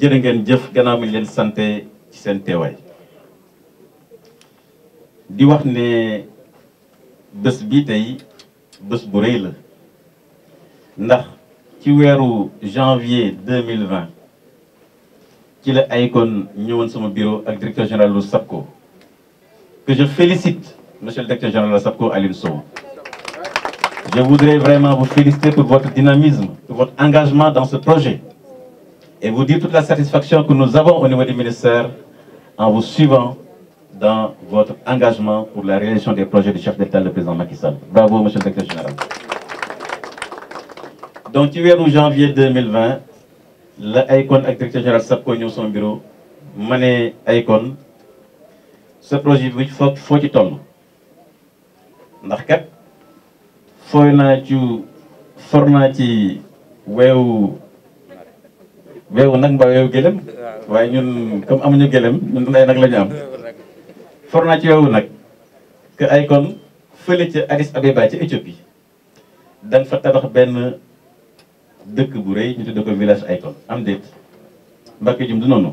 jërë ngeen jëf gannaaw mi leen sante ci seen teewaay di wax ne bés bi tey bés bu rëy la ndax ci weeru janvier 2020 ci la Akon ñëwoon sama bureau ak directeur général lu SAPCO que je félicite monsieur le directeur général de alim Sow je voudrais vraiment vous féliciter pour votre dynamisme pour votre engagement dans ce projet et vous dire toute la satisfaction que nous avons au niveau du ministère en vous suivant dans votre engagement pour la réalisation des projets du chef d'État, le président Macky Sall. Bravo, monsieur le directeur général. donc ci janvier 2020 l'ICON et le directeur général SAPCO son bureau ma Icon. ce projet il faut que ci kat ci weewu nag mbaa weewu gëlëm waaye ñun comme amuñu gëlëm ñun ay nag la ñu am for ci ay kon Addis Abeba ca Éthiopie dañ fa tabax benn dëkk bu rëy ñu tudde ko village Icon am déet Mbacke jum du noonu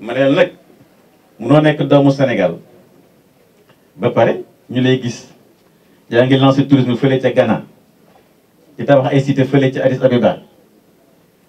ma ne nag munoo nekk doomu Sénégal ba pare ñu lay gis yaa ngi lancé tourisme fële ca Ghana di tabax ay cité fële ca Addis Abeba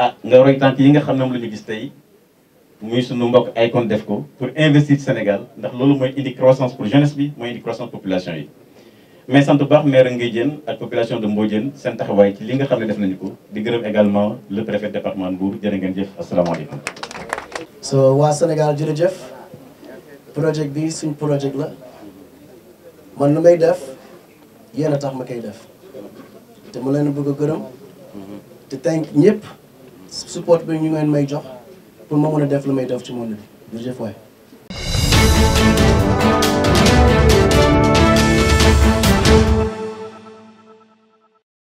ah nga roy tànk yi nga xam ne moom la gis tey muy sunu mbokk Akon def ko pour investir Sénégal ndax loolu mooy indi croissance pour jeunesse bi mooy indi croissance population yi. mais sant bu baax maire Ngay jën ak population de Mbodiène seen taxawaay ci li nga xam ne def nañu ko di gërëm également le préfet département Mbour jërë ngeen jëf asalaamaaleykum. so waa Sénégal jëf projet bi suñ projet la man lu may def yéen a tax ma koy def mu leen bëgg a gërëm mm-hmm. te thank support bi ñu ngeen may jox pour ma mën a def lu may def ci monde bi jërëjëf waay